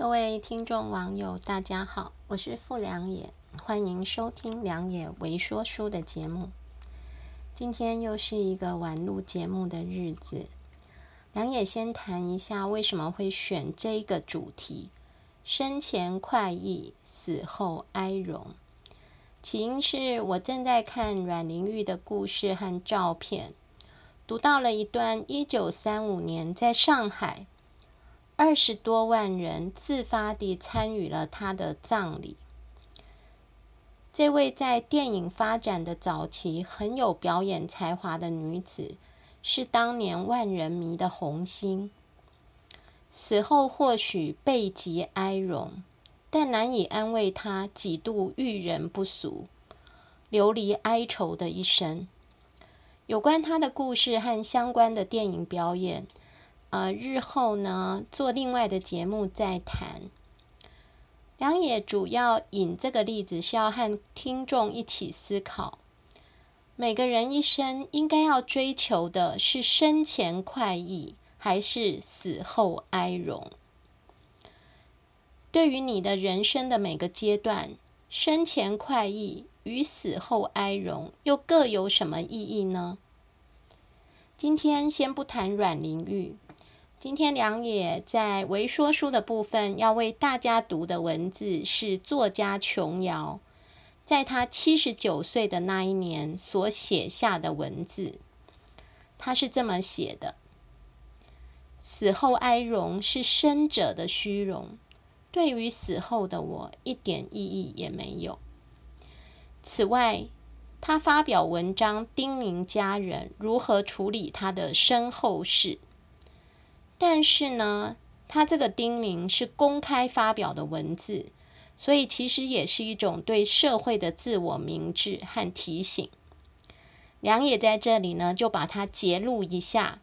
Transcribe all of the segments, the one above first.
各位聽眾網友，大家好，我是傅良也，歡迎收聽良也微說書的節目。今天又是一個晚錄節目的日子。良也先談一下為什麼會選這個主題：生前快意，死後哀榮。起因是我正在看阮玲玉的故事和照片，讀到了一段一九三五年在上海。二十多萬人自發地參與了她的葬禮。這位在電影發展的早期很有表演才華的女子，是當年萬人迷的紅星。死後或許備極哀榮，但難以安慰她幾度遇人不淑、流離哀愁的一生。有關她的故事和相關的電影表演。呃，日後呢，做另外的節目再談。良也主要引這個例子，是要和聽眾一起思考：每個人一生應該要追求的是生前快意，還是死後哀榮？對於你的人生的每個階段，生前快意與死後哀榮又各有什麼意義呢？今天先不談阮玲玉。今天良也在微說書的部分要為大家讀的文字是作家瓊瑤，在她七十九歲的那一年所寫下的文字。她是這麼寫的：“死後哀榮是生者的虛榮，對於死後的我一點意義也沒有。”此外，她發表文章叮嚀家人如何處理她的身後事。但是呢，他這個叮嚀是公開發表的文字，所以其實也是一種對社會的自我明志和提醒。良也在這裡呢，就把它節錄一下，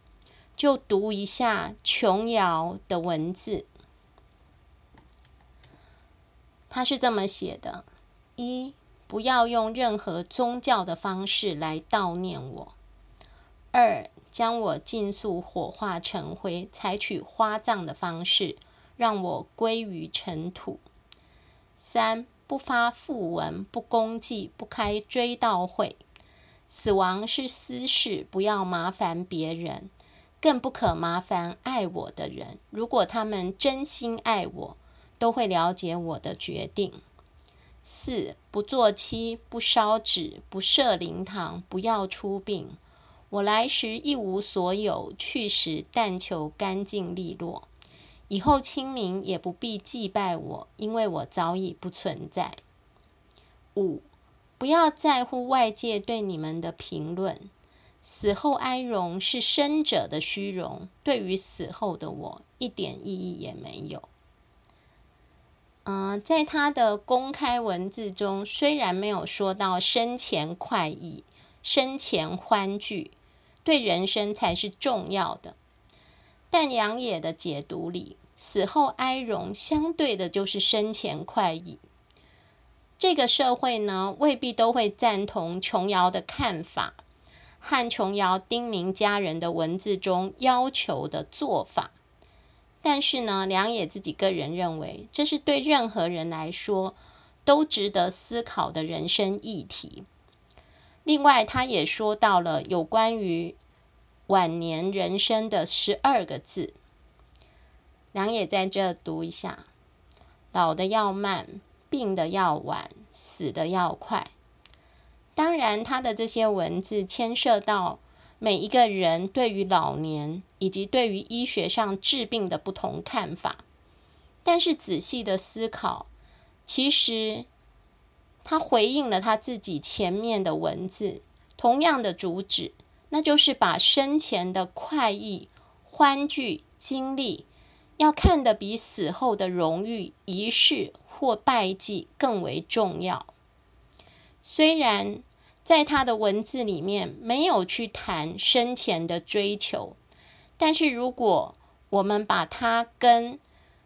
就讀一下瓊瑤的文字。他是這麼寫的：一，不要用任何宗教的方式來悼念我；二、將我盡速火化成灰，採取花葬的方式，讓我歸於塵土。三、不發讣文，不公祭，不開追悼會。死亡是私事，不要麻煩別人，更不可麻煩愛我的人。如果他們真心愛我，都會了解我的決定。四、不做七，不燒紙，不設靈堂，不要出殯。我來時一無所有，去時但求乾淨利落。以後清明也不必祭拜我，因為我早已不存在。五，不要在乎外界對你們的評論。死後哀榮是生者的虛榮，對於死後的我，一點意義也沒有。嗯、呃，在她的公開文字中，雖然沒有說到生前快意，生前歡聚。對人生才是重要的。但良也的解讀裡，死後哀榮相對的，就是生前快意。這個社會呢，未必都會贊同瓊瑤的看法和瓊瑤叮嚀家人的文字中要求的做法。但是呢，良也自己個人認為，這是對任何人來說都值得思考的人生議題。另外，他也說到了有關於晚年人生的十二個字，良也在這讀一下：老的要慢，病的要晚，死的要快。當然，他的這些文字牽涉到每一個人對於老年以及對於醫學上治病的不同看法。但是仔細的思考，其實。他回應了他自己前面的文字，同樣的主旨，那就是把生前的快意、歡聚、經歷，要看得比死後的榮譽、儀式或拜祭更為重要。雖然在他的文字裡面沒有去談生前的追求，但是如果我們把它跟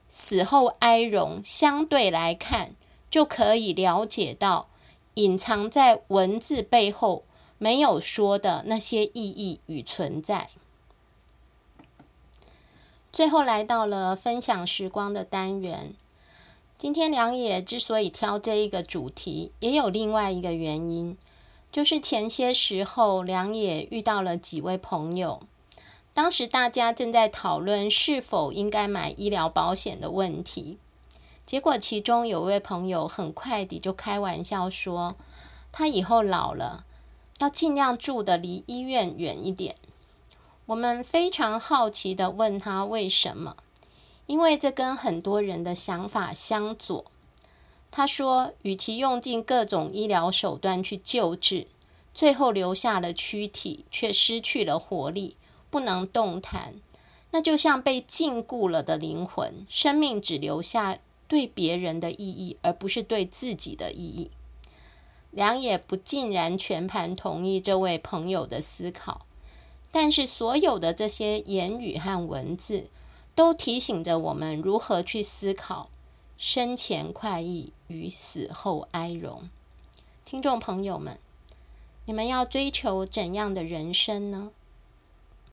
死後哀榮相對來看，就可以了解到隱藏在文字背後沒有說的那些意義與存在。最後來到了分享時光的單元。今天良也之所以挑這一個主題，也有另外一個原因，就是前些時候良也遇到了幾位朋友，當時大家正在討論是否應該買醫療保險的問題。結果，其中有位朋友很快地就開玩笑說：“他以後老了，要盡量住得離醫院遠一點。”我們非常好奇地問他為什麼，因為這跟很多人的想法相左。他說：“與其用盡各種醫療手段去救治，最後留下了軀體卻失去了活力，不能動彈，那就像被禁錮了的靈魂，生命只留下。”對別人的意義，而不是對自己的意義。良也不盡然全盤同意這位朋友的思考，但是所有的這些言語和文字，都提醒着我們如何去思考生前快意與死後哀榮。聽眾朋友們，你們要追求怎樣的人生呢？